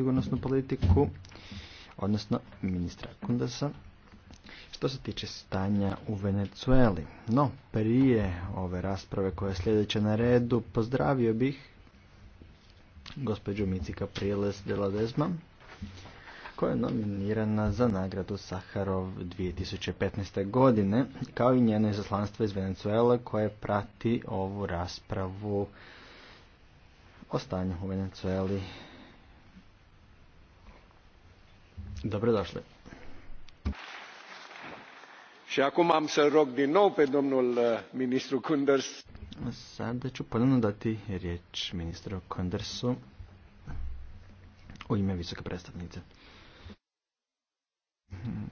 sigurnosnu politiku, odnosno ministra Kundasa, što se tiče stanja u Venecueli. No, prije ove rasprave koja je sljedeća na redu, pozdravio bih gospođu Micika prijeles de la Desma, koja je nominirana za nagradu Saharov 2015. godine, kao i njeno izaslanstvo iz Venecuele koje prati ovu raspravu o stanju u Venecueli Dobrodošli. Și acum am să rog din nou pe domnul uh, ministru Kunders. Sada ću ponovno dati riječ ministru Kundersu u ime visoke predstavnice.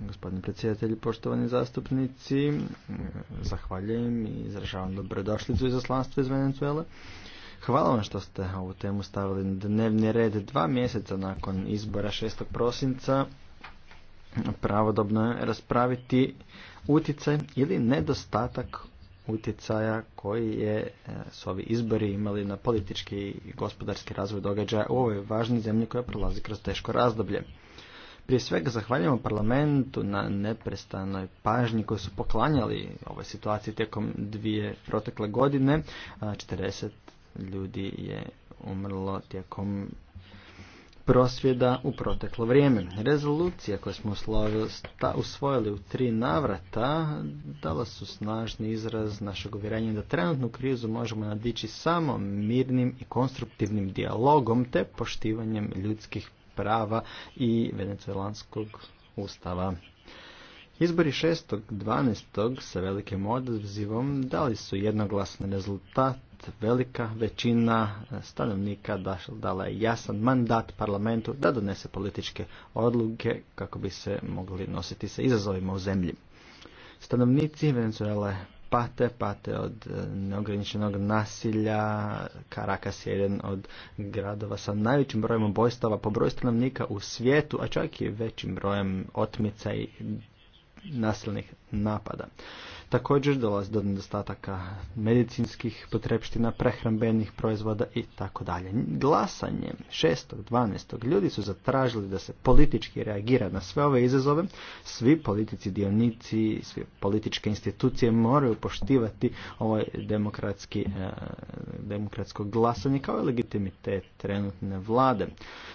Gospodine predsjedatelji, poštovani zastupnici, zahvaljujem i izražavam dobrodošlicu zaslanstva iz Venezuela. Hvala vam što ste ovu temu stavili na dnevni red dva mjeseca nakon izbora 6. prosinca pravodobno je raspraviti utjecaj ili nedostatak utjecaja koji je e, s ovi izbori imali na politički i gospodarski razvoj događaja u ovoj važnoj zemlji koja prolazi kroz teško razdoblje. Prije svega zahvaljujemo parlamentu na neprestanoj pažnji koju su poklanjali ovoj situaciji tijekom dvije protekle godine. 40 ljudi je umrlo tijekom prosvjeda u proteklo vrijeme. Rezolucija koje smo usvojili u tri navrata dala su snažni izraz našeg uvjerenja da trenutnu krizu možemo nadići samo mirnim i konstruktivnim dijalogom te poštivanjem ljudskih prava i venecuelanskog ustava. Izbori 6.12. sa velikim odazivom dali su jednoglasni rezultat velika većina e, stanovnika dala je jasan mandat parlamentu da donese političke odluke kako bi se mogli nositi sa izazovima u zemlji. Stanovnici Venezuele pate, pate od e, neograničenog nasilja. Caracas je jedan od gradova sa najvećim brojem obojstava po broju stanovnika u svijetu, a čak i većim brojem otmica i nasilnih napada. Također dolazi do nedostataka medicinskih potrepština, prehrambenih proizvoda i tako dalje. Glasanjem 6.12. ljudi su zatražili da se politički reagira na sve ove izazove. Svi politici dionici, svi političke institucije moraju poštivati ovaj demokratski, e, demokratsko glasanje kao i legitimitet trenutne vlade.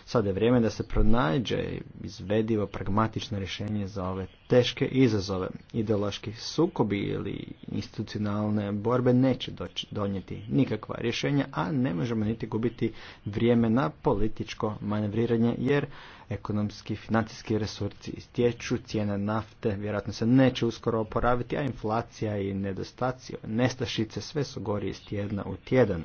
Sada je vrijeme da se pronađe izvedivo pragmatično rješenje za ove teške izazove. Ideološki sukobi ili institucionalne borbe neće donijeti nikakva rješenja, a ne možemo niti gubiti vrijeme na političko manevriranje jer ekonomski financijski resursi istječu, cijene nafte vjerojatno se neće uskoro oporaviti, a inflacija i nedostaci, nestašice sve su gori iz tjedna u tjedan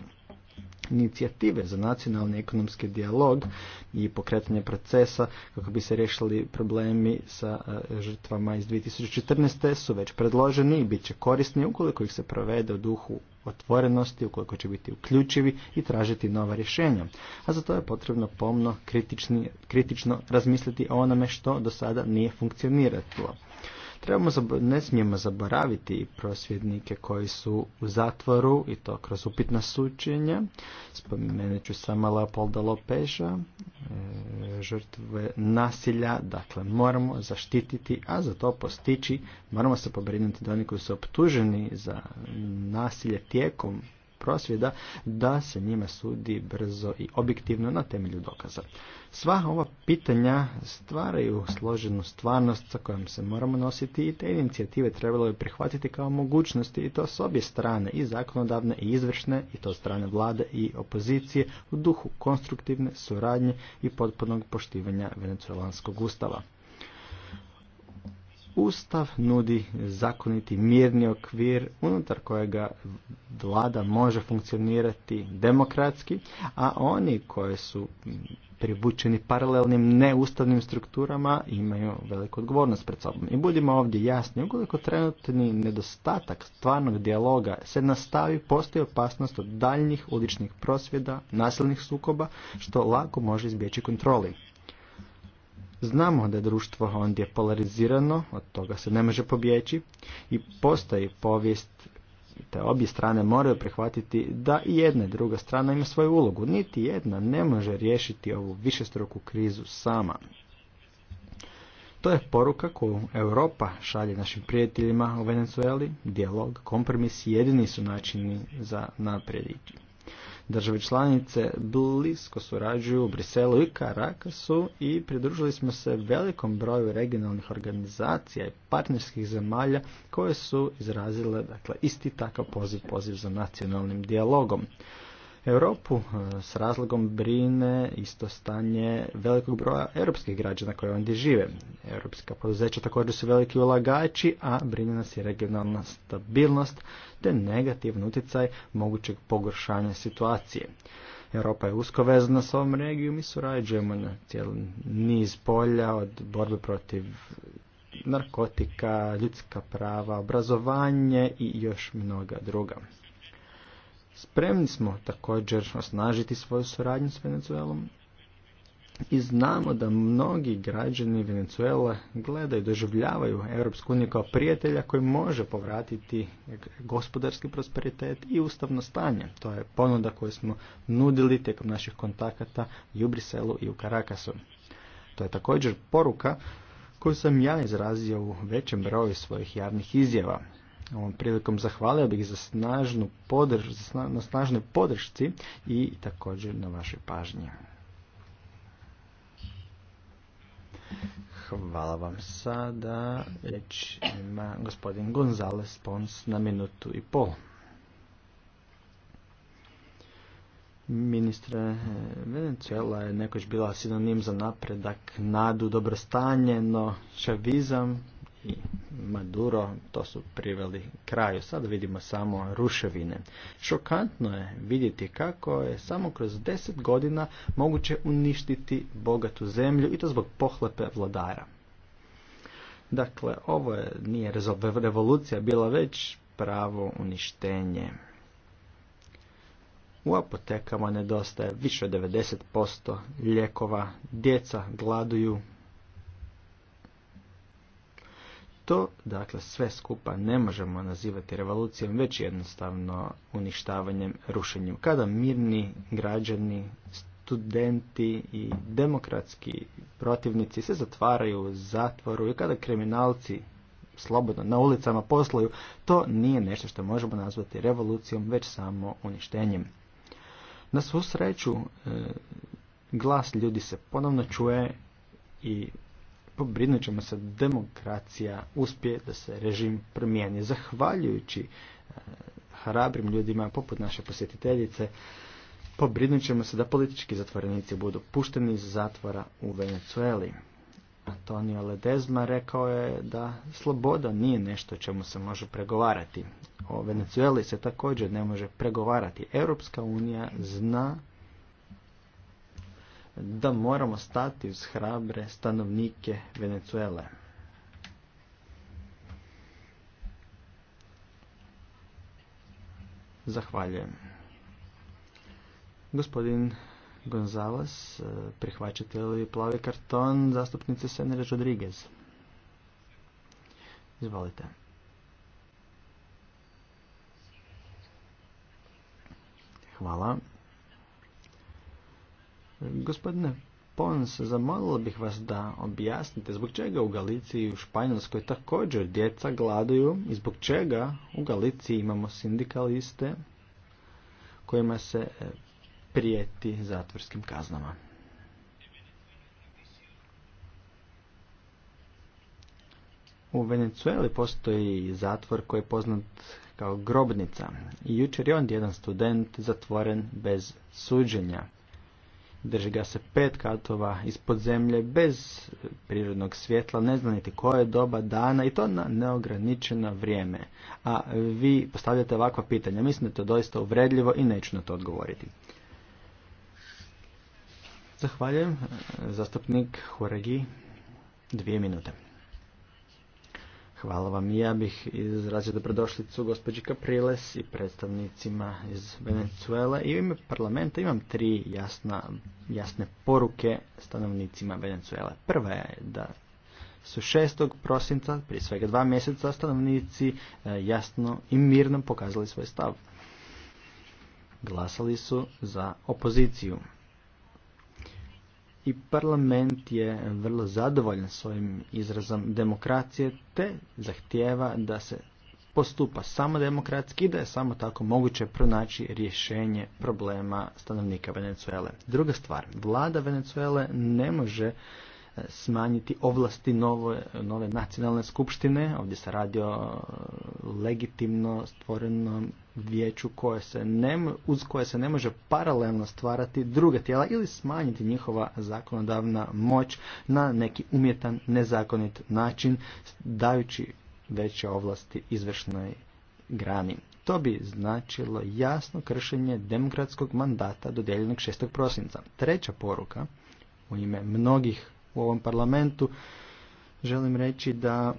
inicijative za nacionalni ekonomski dijalog i pokretanje procesa kako bi se riješili problemi sa e, žrtvama iz 2014. su već predloženi i bit će korisni ukoliko ih se provede u duhu otvorenosti, ukoliko će biti uključivi i tražiti nova rješenja. A za to je potrebno pomno kritično razmisliti o onome što do sada nije funkcioniralo. Trebamo, ne smijemo zaboraviti prosvjednike koji su u zatvoru i to kroz upitna sučenja. Spomenut ću samo Leopolda Lopeža, e, žrtve nasilja, dakle moramo zaštititi, a za to postići moramo se pobrinuti da oni koji su optuženi za nasilje tijekom prosvjeda da se njima sudi brzo i objektivno na temelju dokaza. Sva ova pitanja stvaraju složenu stvarnost sa kojom se moramo nositi i te inicijative trebalo je prihvatiti kao mogućnosti i to s obje strane i zakonodavne i izvršne i to strane vlade i opozicije u duhu konstruktivne suradnje i potpunog poštivanja venecuelanskog ustava. Ustav nudi zakoniti mirni okvir unutar kojega vlada može funkcionirati demokratski, a oni koji su privučeni paralelnim neustavnim strukturama imaju veliku odgovornost pred sobom. I budimo ovdje jasni, ukoliko trenutni nedostatak stvarnog dijaloga se nastavi, postoji opasnost od daljnjih uličnih prosvjeda, nasilnih sukoba, što lako može izbjeći kontroli. Znamo da je društvo ondje polarizirano, od toga se ne može pobjeći i postoji povijest te obje strane moraju prihvatiti da i jedna i druga strana ima svoju ulogu. Niti jedna ne može riješiti ovu višestruku krizu sama. To je poruka koju Europa šalje našim prijateljima u Venezueli. Dijalog, kompromis jedini su načini za naprijediti. Države članice blisko surađuju u Briselu i Karakasu i pridružili smo se velikom broju regionalnih organizacija i partnerskih zemalja koje su izrazile dakle, isti takav poziv, poziv za nacionalnim dijalogom. Europu e, s razlogom brine isto stanje velikog broja europskih građana koji ondje žive. Europska poduzeća također su veliki ulagači, a brine nas i regionalna stabilnost te negativni utjecaj mogućeg pogoršanja situacije. Europa je usko vezana s ovom regijom i surađujemo na cijeli niz polja od borbe protiv narkotika, ljudska prava, obrazovanje i još mnoga druga. Spremni smo također osnažiti svoju suradnju s Venezuelom i znamo da mnogi građani Venezuele gledaju, doživljavaju Europsku uniju kao prijatelja koji može povratiti gospodarski prosperitet i ustavno stanje. To je ponuda koju smo nudili tijekom naših kontakata i u Briselu i u Karakasu. To je također poruka koju sam ja izrazio u većem broju svojih javnih izjava. Ovom prilikom zahvalio bih za snažnu podrž, na snažnoj podršci i također na vašoj pažnji. Hvala vam sada. već ima gospodin Gonzales Pons na minutu i pol. Ministre, Venezuela je nekoć bila sinonim za napredak, nadu, dobrostanje, no šavizam i Maduro to su priveli kraju. Sad vidimo samo ruševine. Šokantno je vidjeti kako je samo kroz deset godina moguće uništiti bogatu zemlju i to zbog pohlepe vladara. Dakle, ovo je, nije revolucija bila već pravo uništenje. U apotekama nedostaje više od 90% lijekova, djeca gladuju, To, dakle, sve skupa ne možemo nazivati revolucijom, već jednostavno uništavanjem, rušenjem. Kada mirni građani, studenti i demokratski protivnici se zatvaraju u zatvoru i kada kriminalci slobodno na ulicama posluju, to nije nešto što možemo nazvati revolucijom, već samo uništenjem. Na svu sreću, e, glas ljudi se ponovno čuje i pobrinut ćemo se da demokracija uspije da se režim promijeni. Zahvaljujući e, hrabrim ljudima poput naše posjetiteljice, pobrinut ćemo se da politički zatvorenici budu pušteni iz zatvora u Venecueli. Antonio Ledezma rekao je da sloboda nije nešto čemu se može pregovarati. O Venezueli se također ne može pregovarati. Europska unija zna da moramo stati uz hrabre stanovnike Venezuele. Zahvaljujem. Gospodin Gonzales, eh, prihvaćate li plavi karton zastupnice Senere Rodriguez? Izvolite. Hvala. Gospodine Pons, zamolila bih vas da objasnite zbog čega u Galiciji i u Španjolskoj također djeca gladuju i zbog čega u Galiciji imamo sindikaliste kojima se e, prijeti zatvorskim kaznama. U Venezueli postoji zatvor koji je poznat kao grobnica i jučer je on jedan student zatvoren bez suđenja drži ga se pet katova ispod zemlje bez prirodnog svjetla, ne zna niti koje je doba dana i to na neograničeno vrijeme. A vi postavljate ovakva pitanja, mislim da je to doista uvredljivo i neću na to odgovoriti. Zahvaljujem. Zastupnik Horegi, dvije minute. Hvala vam i ja bih izrazio dobrodošlicu gospođi Capriles i predstavnicima iz Venezuele i u ime parlamenta imam tri jasna, jasne poruke stanovnicima Venezuele. Prva je da su 6. prosinca, prije svega dva mjeseca, stanovnici e, jasno i mirno pokazali svoj stav. Glasali su za opoziciju i parlament je vrlo zadovoljan svojim izrazom demokracije te zahtijeva da se postupa samo demokratski i da je samo tako moguće pronaći rješenje problema stanovnika Venezuele. Druga stvar, vlada Venezuele ne može smanjiti ovlasti nove, nove nacionalne skupštine. Ovdje se radi o legitimno stvorenom vijeću koje se ne, uz koje se ne može paralelno stvarati druga tijela ili smanjiti njihova zakonodavna moć na neki umjetan, nezakonit način dajući veće ovlasti izvršnoj grani. To bi značilo jasno kršenje demokratskog mandata dodijeljenog 6. prosinca. Treća poruka u ime mnogih u ovom parlamentu, želim reći da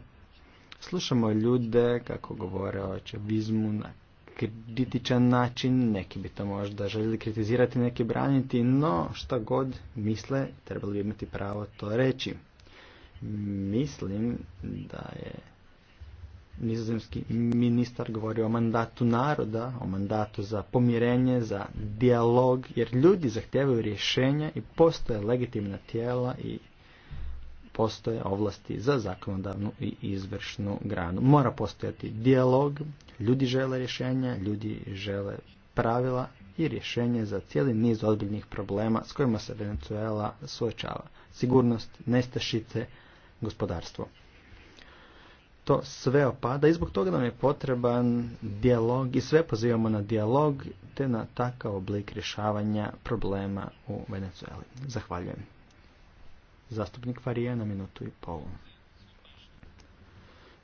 slušamo ljude kako govore o čevizmu na kritičan način, neki bi to možda željeli kritizirati, neki braniti, no šta god misle, trebali bi imati pravo to reći. Mislim da je nizozemski ministar govorio o mandatu naroda, o mandatu za pomirenje, za dijalog, jer ljudi zahtijevaju rješenja i postoje legitimna tijela i postoje ovlasti za zakonodavnu i izvršnu granu. Mora postojati dijalog, ljudi žele rješenja, ljudi žele pravila i rješenje za cijeli niz ozbiljnih problema s kojima se Venezuela suočava. Sigurnost, nestašice, gospodarstvo. To sve opada i zbog toga nam je potreban dijalog i sve pozivamo na dijalog te na takav oblik rješavanja problema u Venezueli. Zahvaljujem. Zastupnik Farija na minutu i pol.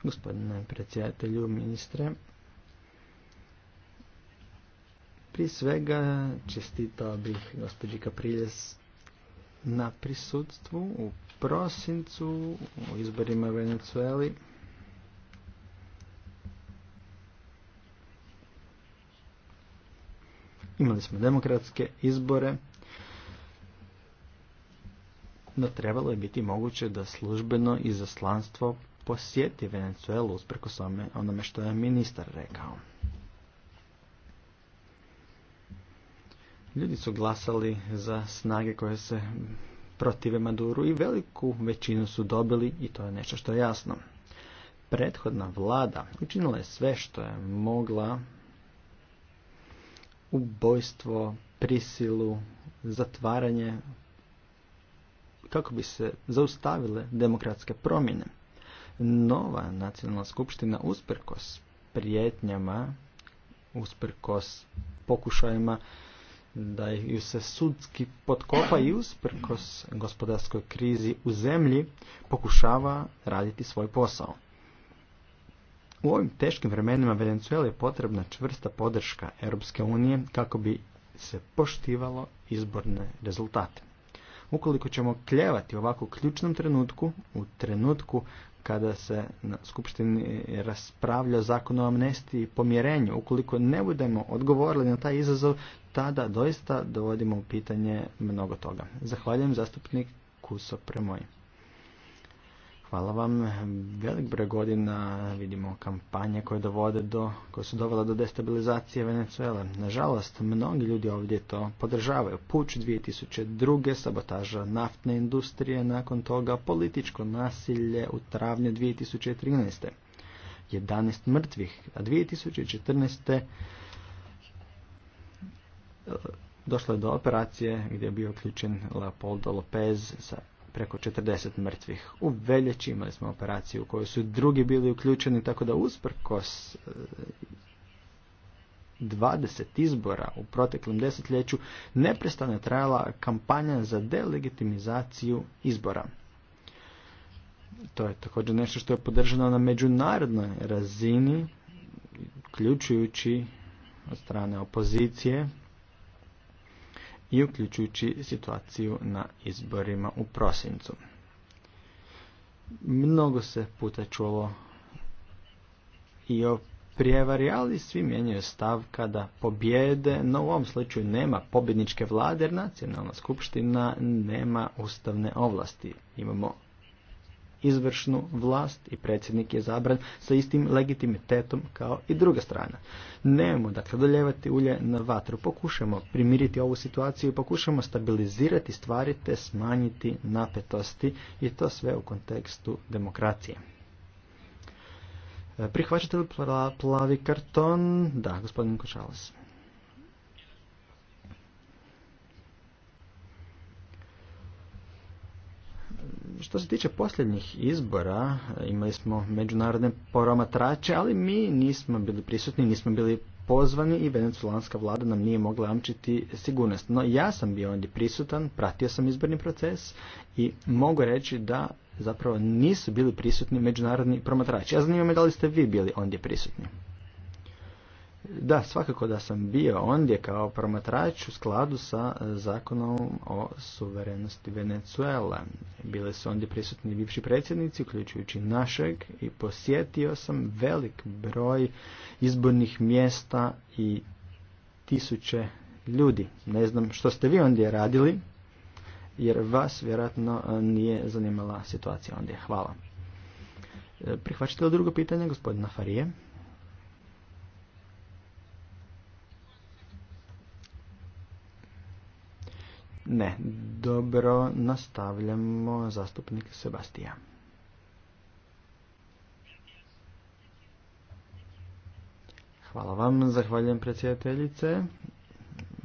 Gospodine predsjedatelju, ministre, prije svega čestitao bih gospođi Kapriljes na prisutstvu u prosincu u izborima u Venecueli. Imali smo demokratske izbore no trebalo je biti moguće da službeno izaslanstvo posjeti Venezuelu usprkos onome što je ministar rekao. Ljudi su glasali za snage koje se protive Maduru i veliku većinu su dobili i to je nešto što je jasno. Prethodna vlada učinila je sve što je mogla ubojstvo, prisilu, zatvaranje kako bi se zaustavile demokratske promjene. Nova nacionalna skupština usprkos prijetnjama, usprkos pokušajima da ju se sudski potkopa i usprkos gospodarskoj krizi u zemlji pokušava raditi svoj posao. U ovim teškim vremenima Venezuela je potrebna čvrsta podrška Europske unije kako bi se poštivalo izborne rezultate. Ukoliko ćemo kljevati ovako ključnom trenutku, u trenutku kada se na Skupštini raspravlja zakon o amnestiji i pomjerenju, ukoliko ne budemo odgovorili na taj izazov, tada doista dovodimo u pitanje mnogo toga. Zahvaljujem zastupnik Kuso Premoj. Hvala vam. Velik broj godina vidimo kampanje koje dovode do, koje su dovele do destabilizacije Venezuele. Nažalost, mnogi ljudi ovdje to podržavaju. Puč 2002. sabotaža naftne industrije, nakon toga političko nasilje u travnju 2013. 11 mrtvih, a 2014. E, došlo je do operacije gdje je bio uključen Leopoldo Lopez sa preko 40 mrtvih. U veljači imali smo operaciju u kojoj su drugi bili uključeni, tako da usprkos 20 e, izbora u proteklom desetljeću neprestano je trajala kampanja za delegitimizaciju izbora. To je također nešto što je podržano na međunarodnoj razini, uključujući od strane opozicije, i uključujući situaciju na izborima u prosincu. Mnogo se puta čulo i o prijevari, ali svi mijenjaju stav kada pobjede, no u ovom slučaju nema pobjedničke vlade jer nacionalna skupština nema ustavne ovlasti. Imamo izvršnu vlast i predsjednik je zabran sa istim legitimitetom kao i druga strana. Nemojmo dakle doljevati ulje na vatru, pokušamo primiriti ovu situaciju, pokušamo stabilizirati stvari te smanjiti napetosti i to sve u kontekstu demokracije. E, prihvaćate li plavi karton? Da, gospodin Kočalas. Što se tiče posljednjih izbora, imali smo međunarodne promatrače, ali mi nismo bili prisutni, nismo bili pozvani i veneculanska vlada nam nije mogla amčiti sigurnost. No ja sam bio ondje prisutan, pratio sam izborni proces i mogu reći da zapravo nisu bili prisutni međunarodni promatrači. Ja zanima me da li ste vi bili ondje prisutni. Da, svakako da sam bio ondje kao promatrač u skladu sa e, zakonom o suverenosti Venezuela. Bile su ondje prisutni bivši predsjednici, uključujući našeg, i posjetio sam velik broj izbornih mjesta i tisuće ljudi. Ne znam što ste vi ondje radili, jer vas vjerojatno e, nije zanimala situacija ondje. Hvala. E, prihvaćate li drugo pitanje gospodina Farije? Ne, dobro, nastavljamo zastupnik Sebastija. Hvala vam, zahvaljujem predsjedateljice.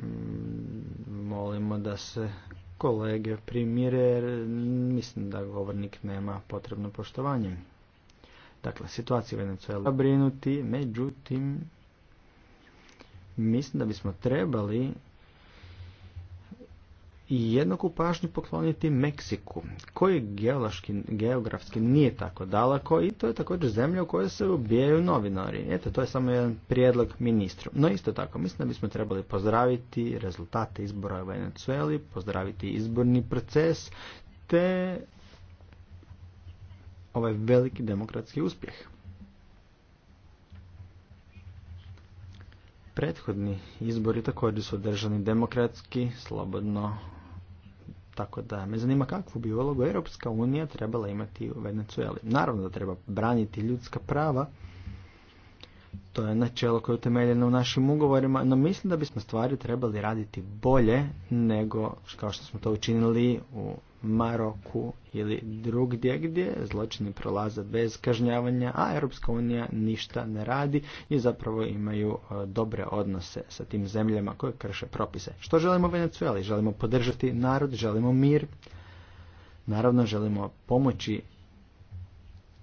Mm, molimo da se kolege primire, mislim da govornik nema potrebno poštovanje. Dakle, situacija u Venezuela brinuti, međutim, mislim da bismo trebali i jednaku pažnju pokloniti Meksiku, koji geološki, geografski nije tako daleko i to je također zemlja u kojoj se ubijaju novinari. Eto, to je samo jedan prijedlog ministru. No isto tako, mislim da bismo trebali pozdraviti rezultate izbora u Venezueli, pozdraviti izborni proces, te ovaj veliki demokratski uspjeh. Prethodni izbori također su održani demokratski, slobodno, tako da me zanima kakvu bi ulogu Europska unija trebala imati u Venezueli. Naravno da treba braniti ljudska prava, to je načelo koje je utemeljeno u našim ugovorima, no mislim da bismo stvari trebali raditi bolje nego kao što smo to učinili u Maroku ili drugdje gdje zločini prolaze bez kažnjavanja, a Europska unija ništa ne radi i zapravo imaju e, dobre odnose sa tim zemljama koje krše propise. Što želimo u Venezueli? Želimo podržati narod, želimo mir, naravno želimo pomoći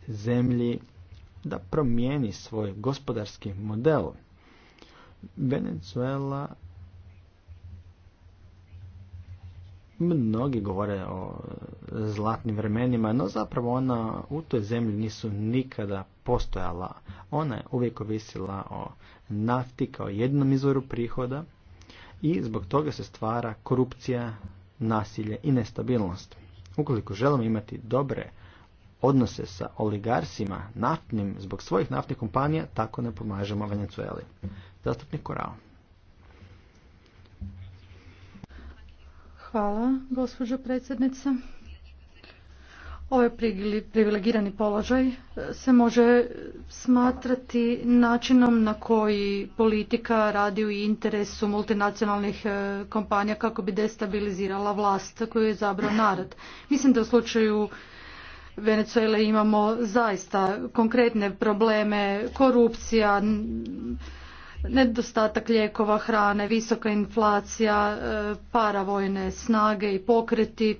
zemlji da promijeni svoj gospodarski model. Venezuela Mnogi govore o e, zlatnim vremenima, no zapravo ona u toj zemlji nisu nikada postojala. Ona je uvijek ovisila o nafti kao jednom izvoru prihoda i zbog toga se stvara korupcija, nasilje i nestabilnost. Ukoliko želimo imati dobre odnose sa oligarsima naftnim zbog svojih naftnih kompanija, tako ne pomažemo Venecueli. Zastupnik Korao. Hvala, gospođo predsjednice. Ovaj privilegirani položaj e, se može smatrati načinom na koji politika radi u interesu multinacionalnih e, kompanija kako bi destabilizirala vlast koju je zabrao narod. Mislim da u slučaju Venezuele imamo zaista konkretne probleme, korupcija, nedostatak lijekova, hrane, visoka inflacija, e, paravojne snage i pokreti.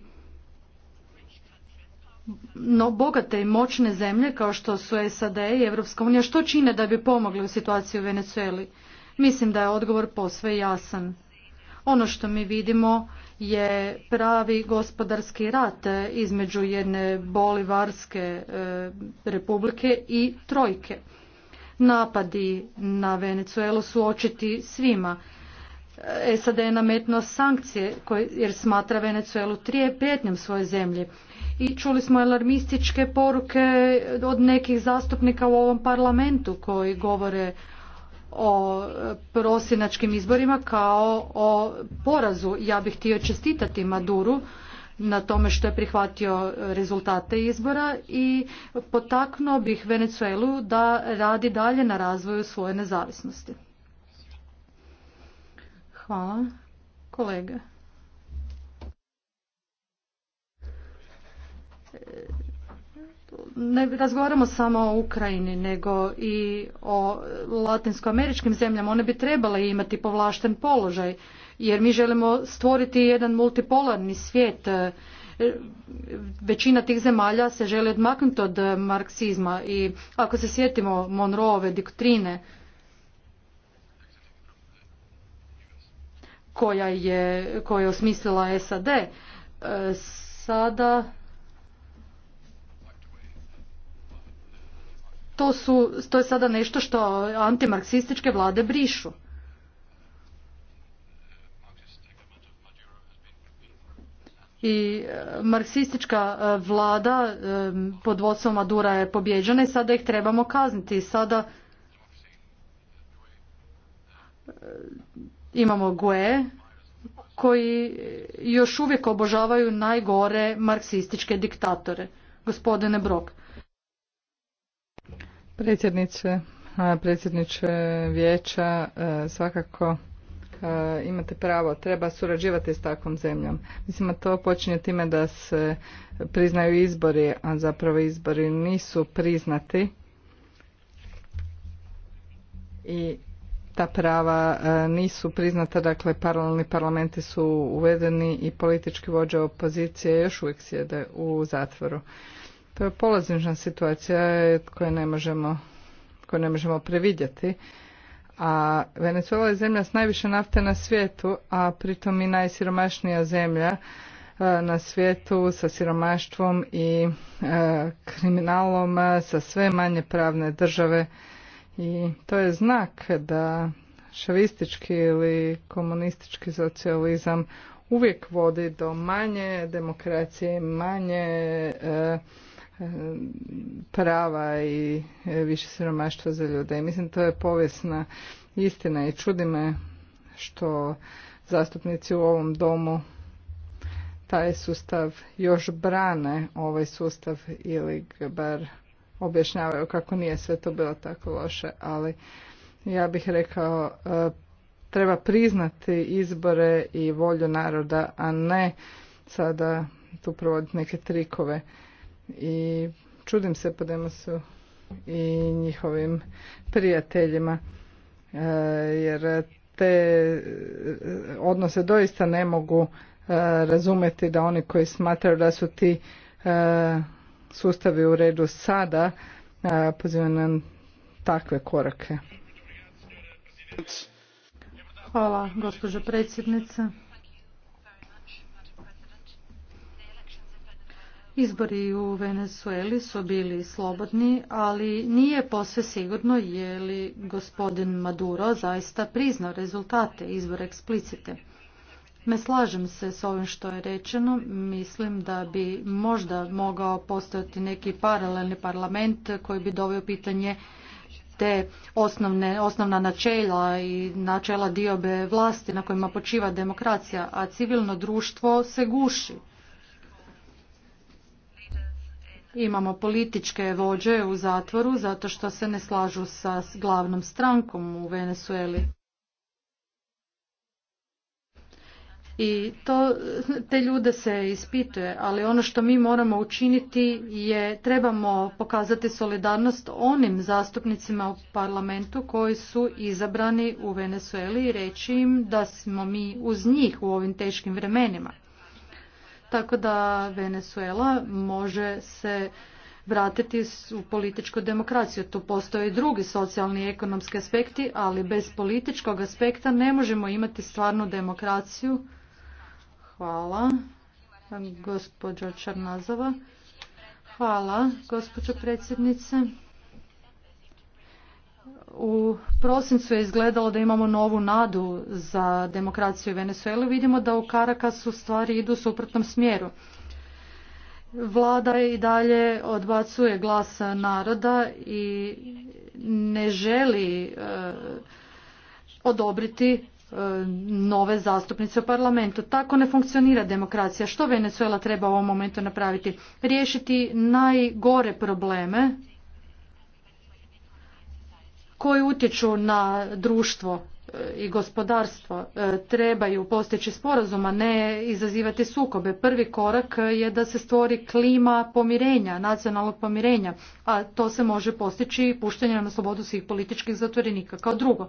No, bogate i moćne zemlje kao što su SAD i EU, što čine da bi pomogli u situaciji u Venezueli? Mislim da je odgovor posve jasan. Ono što mi vidimo je pravi gospodarski rat između jedne bolivarske e, republike i trojke. Napadi na Venecuelu su očiti svima. E, SAD je nametno sankcije koje, jer smatra Venecuelu trije prijetnjom svoje zemlje. I čuli smo alarmističke poruke od nekih zastupnika u ovom parlamentu koji govore o e, prosinačkim izborima kao o porazu. Ja bih htio čestitati Maduru na tome što je prihvatio e, rezultate izbora i potaknuo bih Venezuelu da radi dalje na razvoju svoje nezavisnosti. Hvala. kolega. E, ne razgovaramo samo o Ukrajini, nego i o latinskoameričkim zemljama. One bi trebale imati povlašten položaj jer mi želimo stvoriti jedan multipolarni svijet e, većina tih zemalja se želi odmaknuti od marksizma i ako se sjetimo Monroeove doktrine koja je, koju je osmislila SAD e, sada to, su, to je sada nešto što antimarksističke vlade brišu i e, marksistička e, vlada e, pod vodstvom Madura je pobjeđena i sada ih trebamo kazniti. Sada imamo Gue koji još uvijek obožavaju najgore marksističke diktatore. Gospodine Brok. Predsjednice, predsjedniče vijeća, svakako E, imate pravo, treba surađivati s takvom zemljom. Mislim to počinje time da se priznaju izbori, a zapravo izbori nisu priznati i ta prava e, nisu priznata, dakle paralelni parlamenti su uvedeni i politički vođe opozicije još uvijek sjede u zatvoru. To je situacija koju ne možemo, koju ne možemo previdjeti. A Venezuela je zemlja s najviše nafte na svijetu, a pritom i najsiromašnija zemlja e, na svijetu sa siromaštvom i e, kriminalom, e, sa sve manje pravne države. I to je znak da šavistički ili komunistički socijalizam uvijek vodi do manje demokracije, manje prava i e, više siromaštva za ljude. I mislim to je povijesna istina i čudi me što zastupnici u ovom domu taj sustav još brane ovaj sustav ili bar objašnjavaju kako nije sve to bilo tako loše, ali ja bih rekao e, treba priznati izbore i volju naroda, a ne sada tu provoditi neke trikove i čudim se Podemosu i njihovim prijateljima e, jer te e, odnose doista ne mogu e, razumjeti da oni koji smatraju da su ti sustavi u redu sada pozivaju na takve korake. Hvala gospođo predsjednice. Izbori u Venezueli su bili slobodni, ali nije posve sigurno je li gospodin Maduro zaista priznao rezultate izbora eksplicite. Ne slažem se s ovim što je rečeno, mislim da bi možda mogao postojati neki paralelni parlament koji bi doveo pitanje te osnovne, osnovna načela i načela diobe vlasti na kojima počiva demokracija, a civilno društvo se guši Imamo političke vođe u zatvoru zato što se ne slažu sa glavnom strankom u Venezueli. I to, te ljude se ispituje, ali ono što mi moramo učiniti je trebamo pokazati solidarnost onim zastupnicima u parlamentu koji su izabrani u Venezueli i reći im da smo mi uz njih u ovim teškim vremenima tako da Venezuela može se vratiti u političku demokraciju. Tu postoje i drugi socijalni i ekonomski aspekti, ali bez političkog aspekta ne možemo imati stvarnu demokraciju. Hvala, gospođo Črnazova. Hvala, gospođo predsjednice u prosincu je izgledalo da imamo novu nadu za demokraciju u venezuelu Vidimo da u Karakasu stvari idu u suprotnom smjeru. Vlada i dalje odbacuje glas naroda i ne želi eh, odobriti eh, nove zastupnice u parlamentu. Tako ne funkcionira demokracija. Što Venezuela treba u ovom momentu napraviti? Riješiti najgore probleme koji utječu na društvo e, i gospodarstvo e, trebaju postići sporazum, a ne izazivati sukobe. Prvi korak je da se stvori klima pomirenja, nacionalnog pomirenja, a to se može postići puštenjem na slobodu svih političkih zatvorenika. Kao drugo,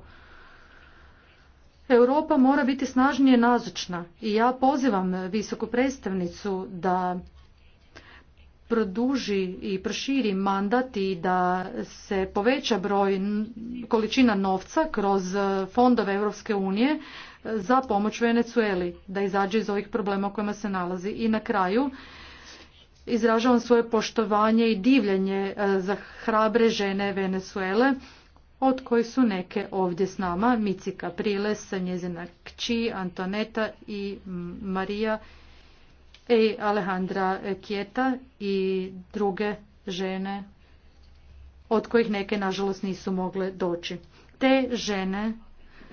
Europa mora biti snažnije nazočna i ja pozivam visoku predstavnicu da produži i proširi mandat i da se poveća broj količina novca kroz e, fondove Europske unije e, za pomoć Venecueli da izađe iz ovih problema u kojima se nalazi. I na kraju izražavam svoje poštovanje i divljenje e, za hrabre žene Venezuele od kojih su neke ovdje s nama, Micika Priles, njezina kći, Antoneta i Marija i e, Alejandra Kjeta i druge žene od kojih neke nažalost nisu mogle doći. Te žene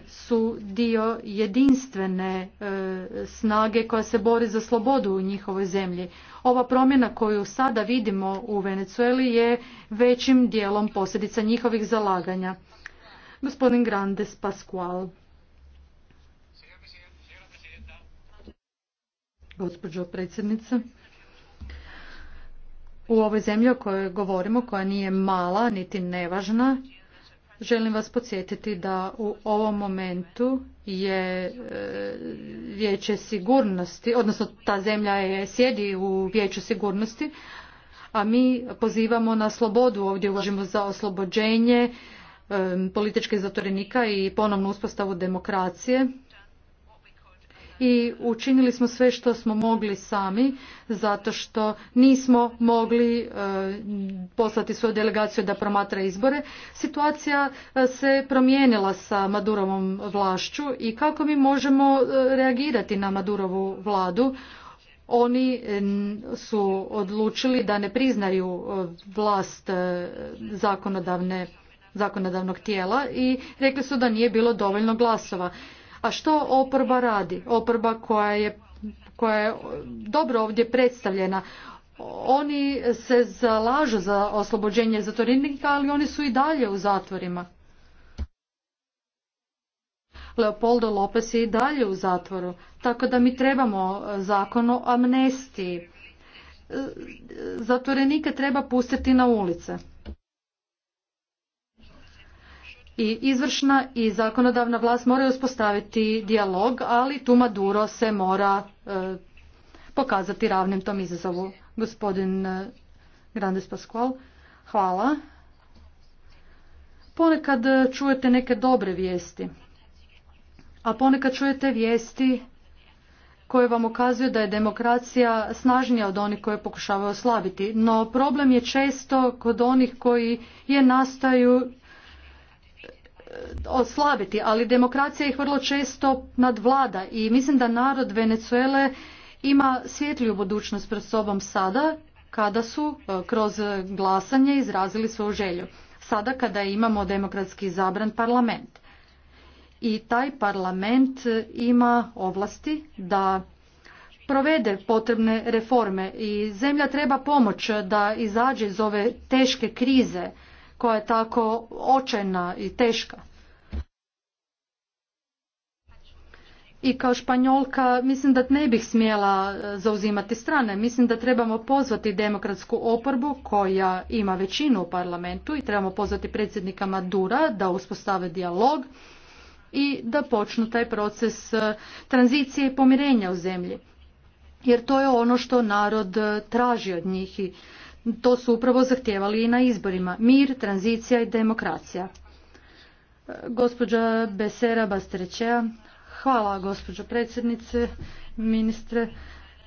su dio jedinstvene e, snage koja se bori za slobodu u njihovoj zemlji. Ova promjena koju sada vidimo u Venecueli je većim dijelom posljedica njihovih zalaganja. Gospodin Grandes Pascual. gospođo predsjednice. U ovoj zemlji o kojoj govorimo, koja nije mala niti nevažna, želim vas podsjetiti da u ovom momentu je e, vijeće sigurnosti, odnosno ta zemlja je sjedi u vijeću sigurnosti, a mi pozivamo na slobodu, ovdje uložimo za oslobođenje e, političkih zatvorenika i ponovnu uspostavu demokracije i učinili smo sve što smo mogli sami zato što nismo mogli e, poslati svoju delegaciju da promatra izbore. Situacija e, se promijenila sa Madurovom vlašću i kako mi možemo e, reagirati na Madurovu vladu? Oni su odlučili da ne priznaju vlast zakonodavne zakonodavnog tijela i rekli su da nije bilo dovoljno glasova. A što oporba radi? Oporba koja je, koja dobro ovdje predstavljena. Oni se zalažu za oslobođenje zatvorenika, ali oni su i dalje u zatvorima. Leopoldo Lopez je i dalje u zatvoru, tako da mi trebamo e, zakon o amnestiji. E, zatvorenike treba pustiti na ulice i izvršna i zakonodavna vlast moraju uspostaviti dijalog, ali tu Maduro se mora e, pokazati ravnim tom izazovu. Gospodin e, Grandes Pascual, hvala. Ponekad čujete neke dobre vijesti, a ponekad čujete vijesti koje vam ukazuju da je demokracija snažnija od onih koje pokušavaju oslabiti. No problem je često kod onih koji je nastaju oslabiti, ali demokracija ih vrlo često nadvlada i mislim da narod Venezuele ima svjetliju budućnost pred sobom sada kada su e, kroz glasanje izrazili svoju želju. Sada kada imamo demokratski zabran parlament. I taj parlament ima ovlasti da provede potrebne reforme i zemlja treba pomoć da izađe iz ove teške krize koja je tako očajna i teška. I kao španjolka mislim da ne bih smjela e, zauzimati strane. Mislim da trebamo pozvati demokratsku oporbu koja ima većinu u parlamentu i trebamo pozvati predsjednika Madura da uspostave dijalog i da počnu taj proces e, tranzicije i pomirenja u zemlji. Jer to je ono što narod traži od njih i to su upravo zahtijevali i na izborima. Mir, tranzicija i demokracija. E, gospođa Besera Bastrećeja. hvala gospođo predsjednice, ministre.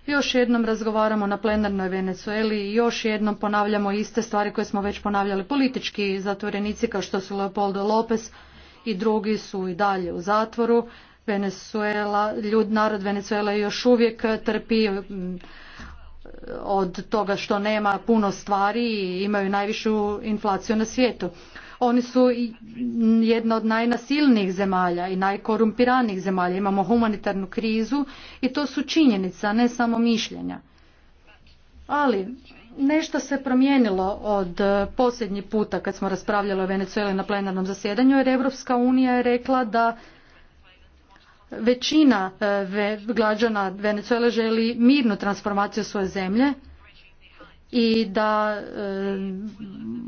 Još jednom razgovaramo na plenarnoj Venezueli i još jednom ponavljamo iste stvari koje smo već ponavljali. Politički zatvorenici kao što su Leopoldo Lopez i drugi su i dalje u zatvoru. Venezuela, ljud, narod Venezuela još uvijek trpi mm, od toga što nema puno stvari i imaju najvišu inflaciju na svijetu. Oni su jedna od najnasilnijih zemalja i najkorumpiranijih zemalja. Imamo humanitarnu krizu i to su činjenica, ne samo mišljenja. Ali nešto se promijenilo od posljednji puta kad smo raspravljali o Venezueli na plenarnom zasjedanju jer Europska unija je rekla da većina e, građana Venezuele želi mirnu transformaciju svoje zemlje i da e,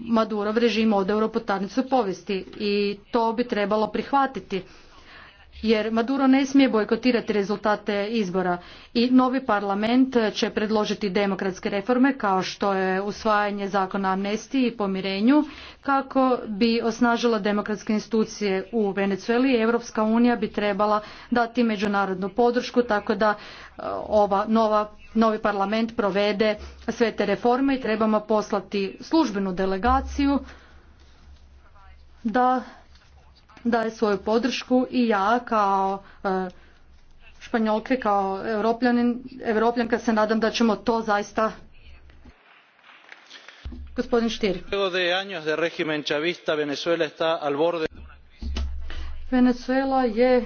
Madurov režim ode u ropotarnicu povijesti i to bi trebalo prihvatiti jer Maduro ne smije bojkotirati rezultate izbora i novi parlament će predložiti demokratske reforme kao što je usvajanje zakona amnestiji i pomirenju kako bi osnažila demokratske institucije u Venezueli. Europska unija bi trebala dati međunarodnu podršku tako da e, ova nova novi parlament provede sve te reforme i trebamo poslati službenu delegaciju da daje svoju podršku i ja kao e, Španjolke, kao Europljanka se nadam da ćemo to zaista Gospodin Stier. Venezuela je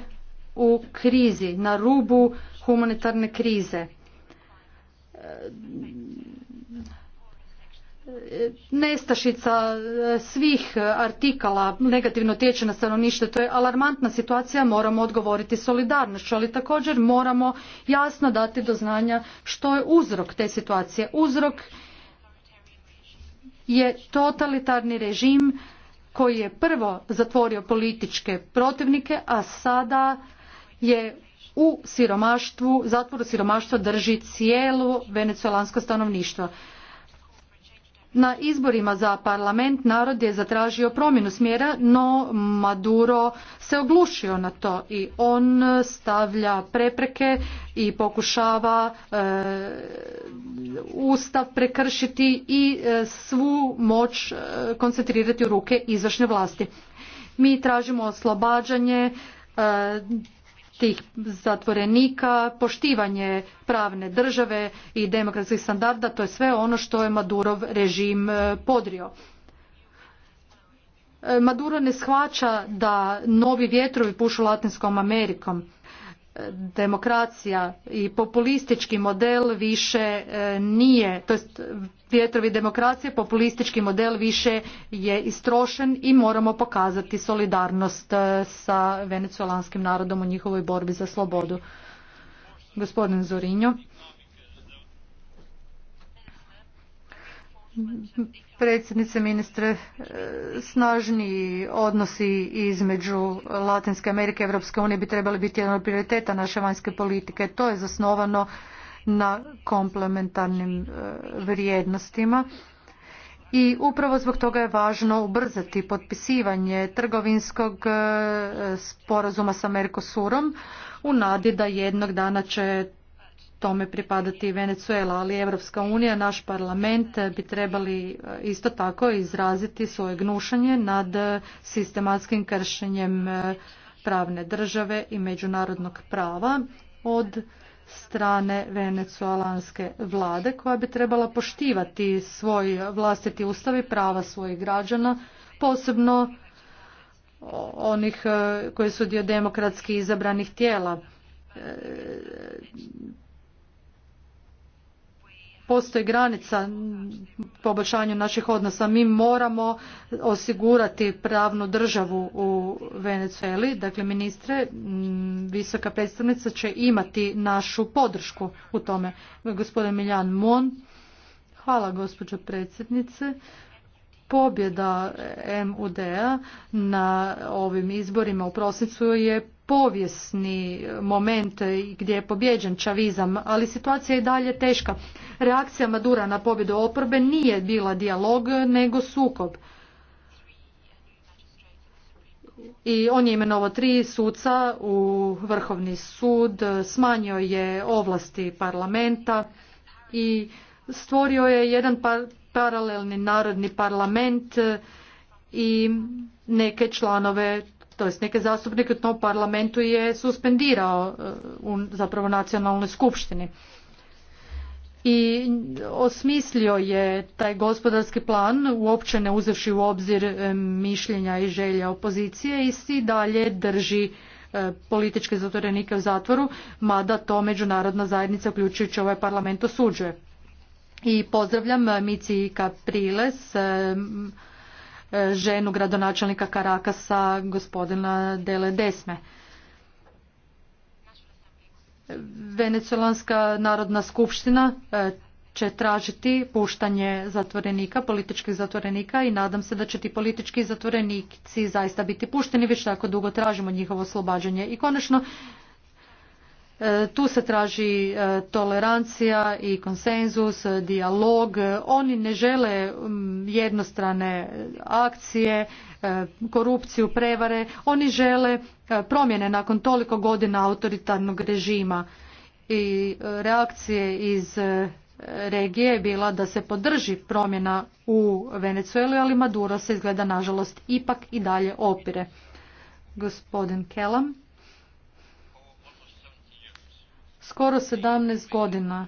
u krizi, na rubu humanitarne krize nestašica e, svih artikala negativno tječe na stanovništvo. To je alarmantna situacija, moramo odgovoriti solidarnošću, ali također moramo jasno dati do znanja što je uzrok te situacije. Uzrok je totalitarni režim koji je prvo zatvorio političke protivnike, a sada je u siromaštvu, zatvoru siromaštva drži cijelu venecuelansko stanovništvo. Na izborima za parlament narod je zatražio promjenu smjera, no Maduro se oglušio na to i on stavlja prepreke i pokušava e, ustav prekršiti i e, svu moć e, koncentrirati u ruke izvršne vlasti. Mi tražimo oslobađanje tih zatvorenika, poštivanje pravne države i demokratskih standarda, to je sve ono što je Madurov režim e, podrio. E, Maduro ne shvaća da novi vjetrovi pušu Latinskom Amerikom demokracija i populistički model više e, nije, to jest vjetrovi demokracije, populistički model više je istrošen i moramo pokazati solidarnost e, sa venecuelanskim narodom u njihovoj borbi za slobodu. Gospodin Zorinjo. predsjednice ministre e, snažniji odnosi između Latinske Amerike i Europske unije bi trebali biti jedan od prioriteta naše vanjske politike. To je zasnovano na komplementarnim e, vrijednostima i upravo zbog toga je važno ubrzati potpisivanje trgovinskog e, sporazuma sa Mercosurom u nadi da jednog dana će tome pripadati i Venezuela, ali Evropska unija, naš parlament eh, bi trebali eh, isto tako izraziti svoje gnušanje nad eh, sistematskim kršenjem pravne države i međunarodnog prava od strane venecualanske vlade koja bi trebala poštivati svoj vlastiti ustav i prava svojih građana, posebno onih koji su dio demokratski izabranih tijela postoji granica poboljšanju naših odnosa. Mi moramo osigurati pravnu državu u Venezueli. Dakle, ministre, visoka predstavnica će imati našu podršku u tome. Gospodin Miljan Mon. Hvala, gospođo predsjednice pobjeda MUD-a na ovim izborima u prosincu je povijesni moment gdje je pobjeđen čavizam, ali situacija je dalje teška. Reakcija Madura na pobjedu oporbe nije bila dijalog nego sukob. I on je imenovao tri suca u Vrhovni sud, smanjio je ovlasti parlamenta i stvorio je jedan paralelni narodni parlament i neke članove to neke zastupnike u tom parlamentu je suspendirao e, u zapravo nacionalnoj skupštini. I osmislio je taj gospodarski plan uopće ne uzevši u obzir e, mišljenja i želja opozicije i si dalje drži e, političke zatvorenike u zatvoru, mada to međunarodna zajednica uključujući ovaj parlament osuđuje. I pozdravljam Mici Capriles, ženu gradonačelnika Karakasa, gospodina Dele Desme. Venezuelanska narodna skupština e, će tražiti puštanje zatvorenika, političkih zatvorenika i nadam se da će ti politički zatvorenici zaista biti pušteni već tako dugo tražimo njihovo oslobađanje. I konačno tu se traži e, tolerancija i konsenzus, dijalog. Oni ne žele jednostrane akcije, e, korupciju, prevare. Oni žele e, promjene nakon toliko godina autoritarnog režima. I reakcije iz regije je bila da se podrži promjena u Venezueli, ali Maduro se izgleda nažalost ipak i dalje opire. Gospodin Kelam skoro 17 godina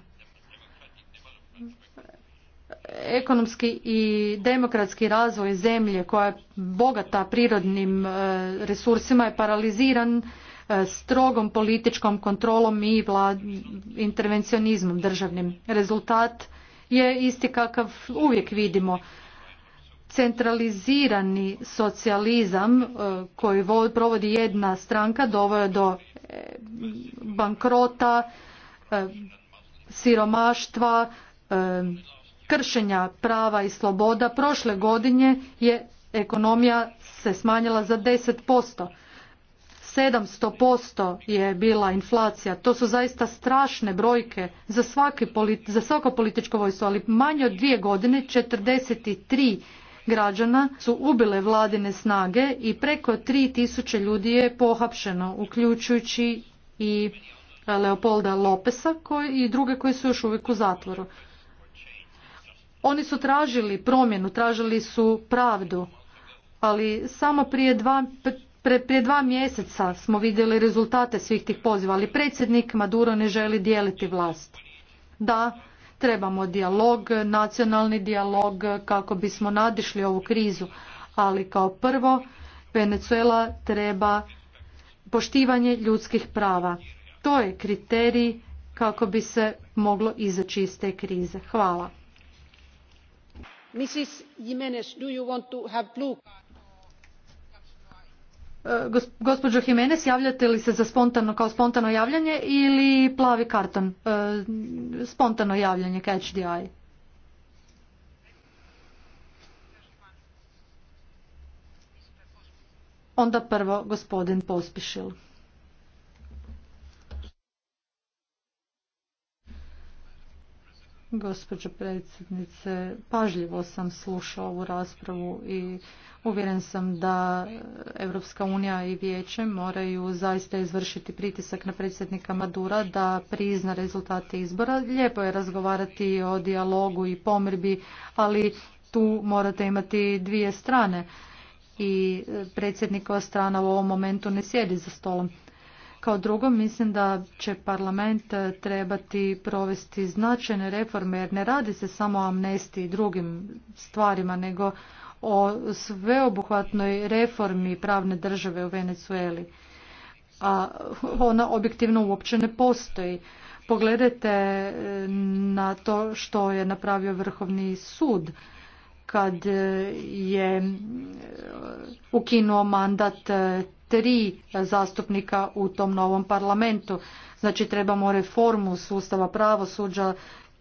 ekonomski i demokratski razvoj zemlje koja je bogata prirodnim e, resursima je paraliziran e, strogom političkom kontrolom i vlad, intervencionizmom državnim. Rezultat je isti kakav uvijek vidimo. Centralizirani socijalizam e, koji provodi jedna stranka doveo do Eh, bankrota, eh, siromaštva, eh, kršenja prava i sloboda. Prošle godine je ekonomija se smanjila za 10%. 700% je bila inflacija. To su zaista strašne brojke za, za svako političko vojstvo, ali manje od dvije godine 43 građana su ubile vladine snage i preko tisuće ljudi je pohapšeno, uključujući i e, Leopolda Lopesa koji, i druge koji su još uvijek u zatvoru. Oni su tražili promjenu, tražili su pravdu, ali samo prije dva, prije dva mjeseca smo vidjeli rezultate svih tih poziva, ali predsjednik Maduro ne želi dijeliti vlast. Da, Trebamo dijalog, nacionalni dijalog kako bismo nadišli ovu krizu, ali kao prvo Venezuela treba poštivanje ljudskih prava. To je kriterij kako bi se moglo izaći iz te krize. Hvala. Mrs. Jimenez, do you want to have blue? Gospođo Jimenez, javljate li se za spontano, kao spontano javljanje ili plavi karton? E, spontano javljanje, catch the eye. Onda prvo gospodin Pospišil. Gospođo predsjednice, pažljivo sam slušao ovu raspravu i uvjeren sam da Europska unija i vijeće moraju zaista izvršiti pritisak na predsjednika Madura da prizna rezultate izbora. Lijepo je razgovarati o dijalogu i pomirbi, ali tu morate imati dvije strane i predsjednikova strana u ovom momentu ne sjedi za stolom. Kao drugo, mislim da će parlament e, trebati provesti značajne reforme, jer ne radi se samo o amnestiji i drugim stvarima, nego o sveobuhvatnoj reformi pravne države u Venezueli. A ona objektivno uopće ne postoji. Pogledajte e, na to što je napravio Vrhovni sud kad e, je ukinuo mandat tri zastupnika u tom novom parlamentu. Znači trebamo reformu sustava pravosuđa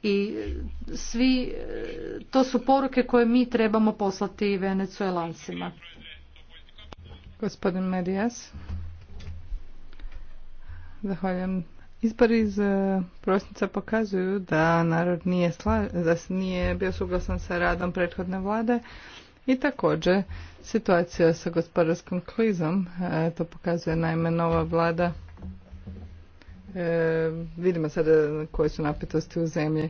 i e, svi, e, to su poruke koje mi trebamo poslati venecuelancima. Gospodin Medijas. Zahvaljujem. Izbori iz e, prosnica pokazuju da narod nije, da nije bio suglasan sa radom prethodne vlade i također situacija sa gospodarskom klizom, e, to pokazuje naime nova vlada. E, vidimo sada koje su napetosti u zemlji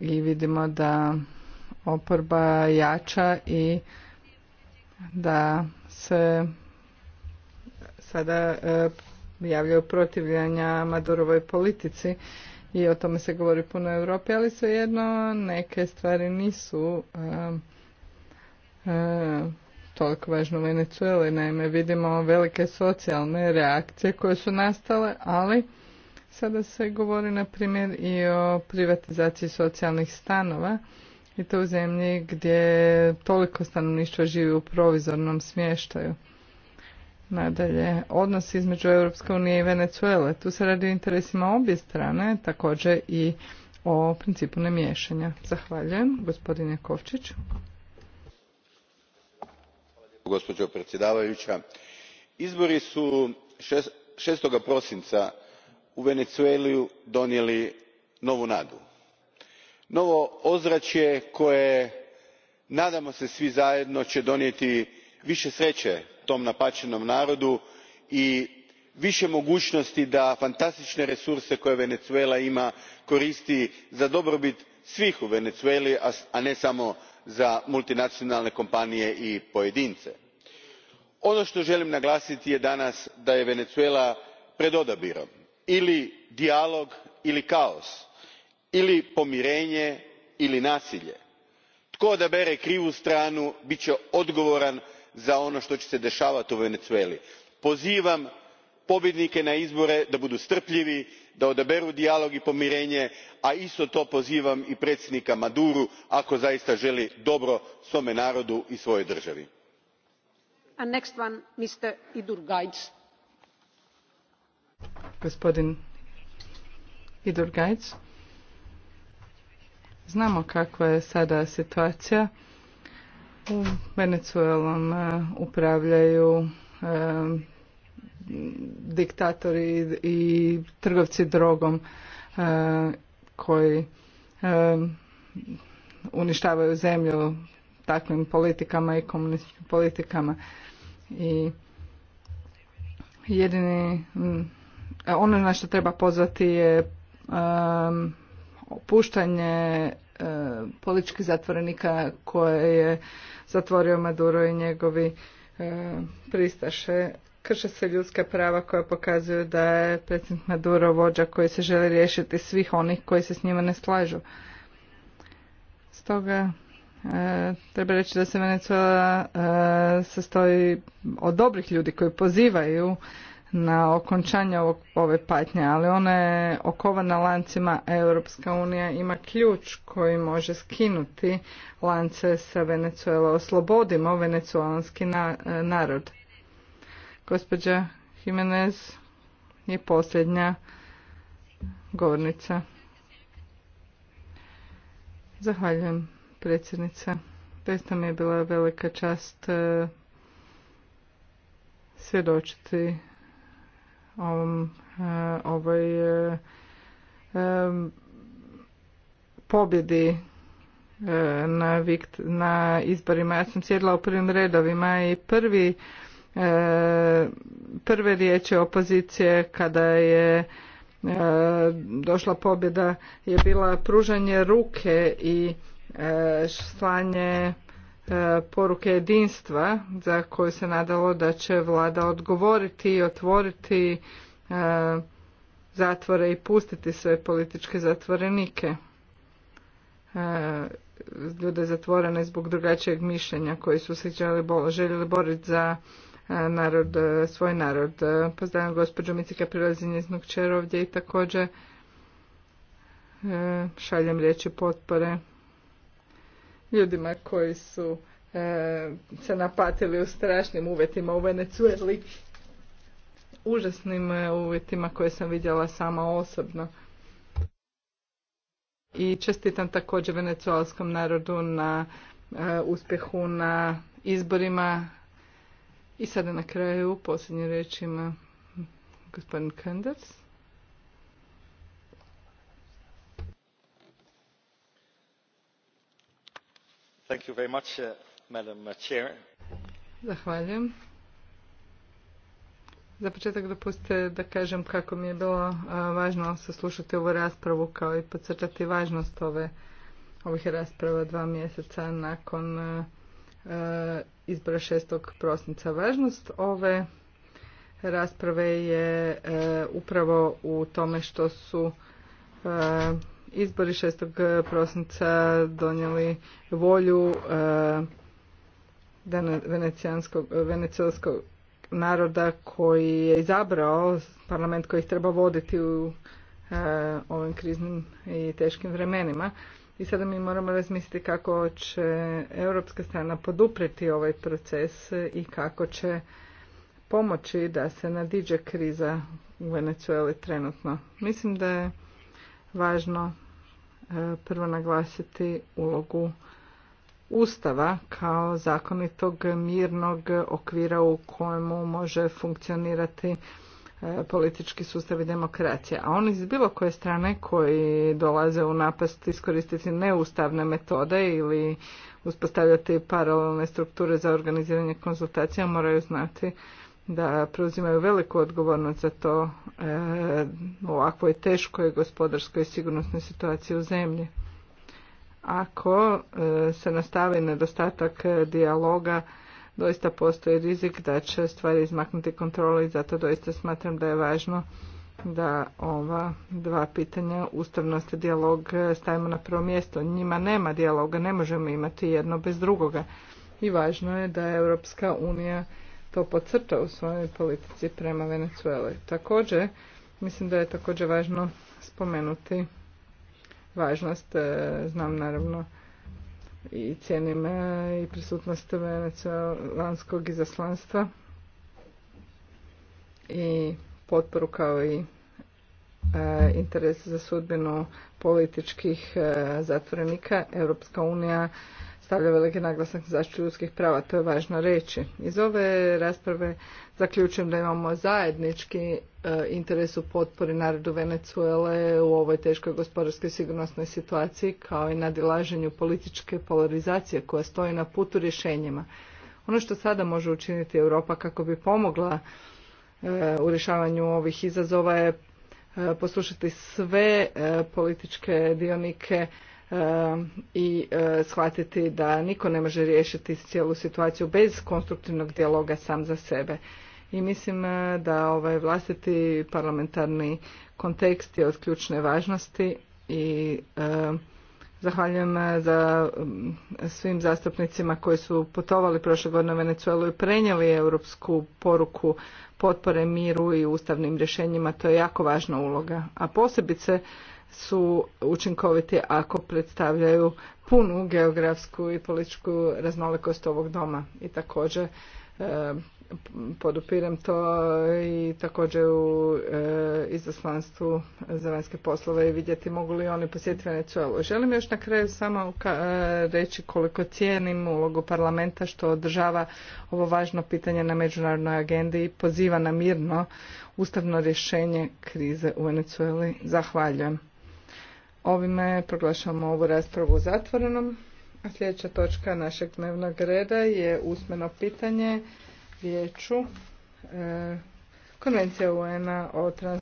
i vidimo da oporba jača i da se sada e, javljaju protivljanja Madurovoj politici i o tome se govori puno u Europi, ali svejedno neke stvari nisu E, toliko u Venecueli. Naime, vidimo velike socijalne reakcije koje su nastale, ali sada se govori na primjer i o privatizaciji socijalnih stanova i to u zemlji gdje toliko stanovništva živi u provizornom smještaju. Nadalje, odnos između Europske unije i Venezuele. Tu se radi o interesima obje strane, također i o principu nemiješanja. Zahvaljujem, gospodine Kovčić gospođo predsjedavajuća, izbori su. six prosinca u venezueli donijeli novu nadu novo ozračje koje nadamo se svi zajedno će donijeti više sreće tom napaćenom narodu i više mogućnosti da fantastične resurse koje venezuela ima koristi za dobrobit svih u venezueli a ne samo za multinacionalne kompanije i pojedince. ono što želim naglasiti je danas da je venezuela pred odabirom ili dijalog ili kaos ili pomirenje ili nasilje. tko odabere krivu stranu bit će odgovoran za ono što će se dešavati u venezueli. pozivam pobjednike na izbore da budu strpljivi da odaberu dijalog i pomirenje a isto to pozivam i predsjednika maduru ako zaista želi dobro svome narodu i svojoj državi. gospodin znamo kakva je sada situacija u venezuelom eh, upravljaju eh, diktatori i trgovci drogom e, koji e, uništavaju zemlju takvim politikama i komunističkim politikama. I jedini e, ono na što treba pozvati je um, opuštanje političkih zatvorenika koje je zatvorio Maduro i njegovi um, pristaše krše se ljudska prava koja pokazuju da je predsjednik Maduro vođa koji se želi riješiti svih onih koji se s njima ne slažu. Stoga e, treba reći da se Venezuela e, sastoji od dobrih ljudi koji pozivaju na okončanje ovog, ove patnje, ali ona je okovana lancima, Europska unija ima ključ koji može skinuti lance sa Venezuela. Oslobodimo venecuelanski na, e, narod. Gospođa Jimenez je posljednja govornica. Zahvaljujem predsjednica. Doista mi je bila velika čast e, svjedočiti ovom, e, ovoj e, pobjedi na, na izborima. Ja sam sjedla u prvim redovima i prvi E, prve riječi opozicije kada je e, došla pobjeda je bila pružanje ruke i e, slanje poruke jedinstva za koju se nadalo da će vlada odgovoriti i otvoriti zatvore i pustiti sve političke zatvorenike ljude zatvorene zbog drugačijeg mišljenja koji su se željeli boriti za narod, e, svoj narod. E, pozdravljam gospođu Micika prilazi njeznog čera ovdje i također e, šaljem riječi potpore ljudima koji su se napatili u strašnim uvjetima u Venecueli užasnim uvjetima koje sam vidjela sama osobno. I čestitam također venecualskom narodu na uspjehu na izborima i sada na kraju posljednje reči ima gospodin Kandac. Thank uh, uh, Zahvaljujem. Za početak dopustite da kažem kako mi je bilo uh, važno saslušati ovu raspravu kao i podcrtati važnost ove ovih rasprava dva mjeseca nakon E, izbora 6. prosinca. Važnost ove rasprave je e, upravo u tome što su e, izbori 6. prosinca donijeli volju venecijanskog naroda koji je izabrao parlament koji ih treba voditi u ovim kriznim i teškim vremenima. I sada mi moramo razmisliti kako će europska strana poduprijeti ovaj proces i kako će pomoći da se nadiđe kriza u Venecueli trenutno. Mislim da je važno e, prvo naglasiti ulogu Ustava kao zakonitog mirnog okvira u kojemu može funkcionirati E, politički sustav i demokracija. A oni iz bilo koje strane koji dolaze u napast iskoristiti neustavne metode ili uspostavljati paralelne strukture za organiziranje konzultacija moraju znati da preuzimaju veliku odgovornost za to e, u ovakvoj teškoj gospodarskoj i sigurnosnoj situaciji u zemlji. Ako e, se nastavi nedostatak dijaloga doista postoji rizik da će stvari izmaknuti kontrole i zato doista smatram da je važno da ova dva pitanja ustavnost dijalog stavimo na prvo mjesto. Njima nema dijaloga, ne možemo imati jedno bez drugoga. I važno je da je Europska unija to podcrta u svojoj politici prema Venezueli. Također, mislim da je također važno spomenuti važnost, e, znam naravno i cijenim e, i prisutnost lanskog izaslanstva i potporu kao i e, interes za sudbinu političkih e, zatvorenika. Europska unija stavlja veliki naglasak na zaštitu ljudskih prava, to je važno reći. Iz ove rasprave zaključujem da imamo zajednički e, interes u potpori narodu Venecuele u ovoj teškoj gospodarskoj sigurnosnoj situaciji kao i nadilaženju političke polarizacije koja stoji na putu rješenjima. Ono što sada može učiniti Europa kako bi pomogla e, u rješavanju ovih izazova je e, poslušati sve političke dionike i e, shvatiti da niko ne može riješiti cijelu situaciju bez konstruktivnog dijaloga sam za sebe. I mislim e, da ovaj vlastiti parlamentarni kontekst je od ključne važnosti i e, Zahvaljujem za svim zastupnicima koji su putovali prošle godine u Venecuelu i prenijeli europsku poruku potpore miru i ustavnim rješenjima. To je jako važna uloga. A posebice su učinkoviti ako predstavljaju punu geografsku i političku raznolikost ovog doma. I također e, podupiram to i također u e, izaslanstvu za vanjske poslove i vidjeti mogu li oni posjetiti Venecuelu. Želim još na kraju samo e, reći koliko cijenim ulogu parlamenta što održava ovo važno pitanje na međunarodnoj agendi i poziva na mirno ustavno rješenje krize u Venecueli. Zahvaljujem. Ovime proglašamo ovu raspravu zatvorenom. A sljedeća točka našeg dnevnog reda je usmeno pitanje vijeću e, Konvencija UN-a o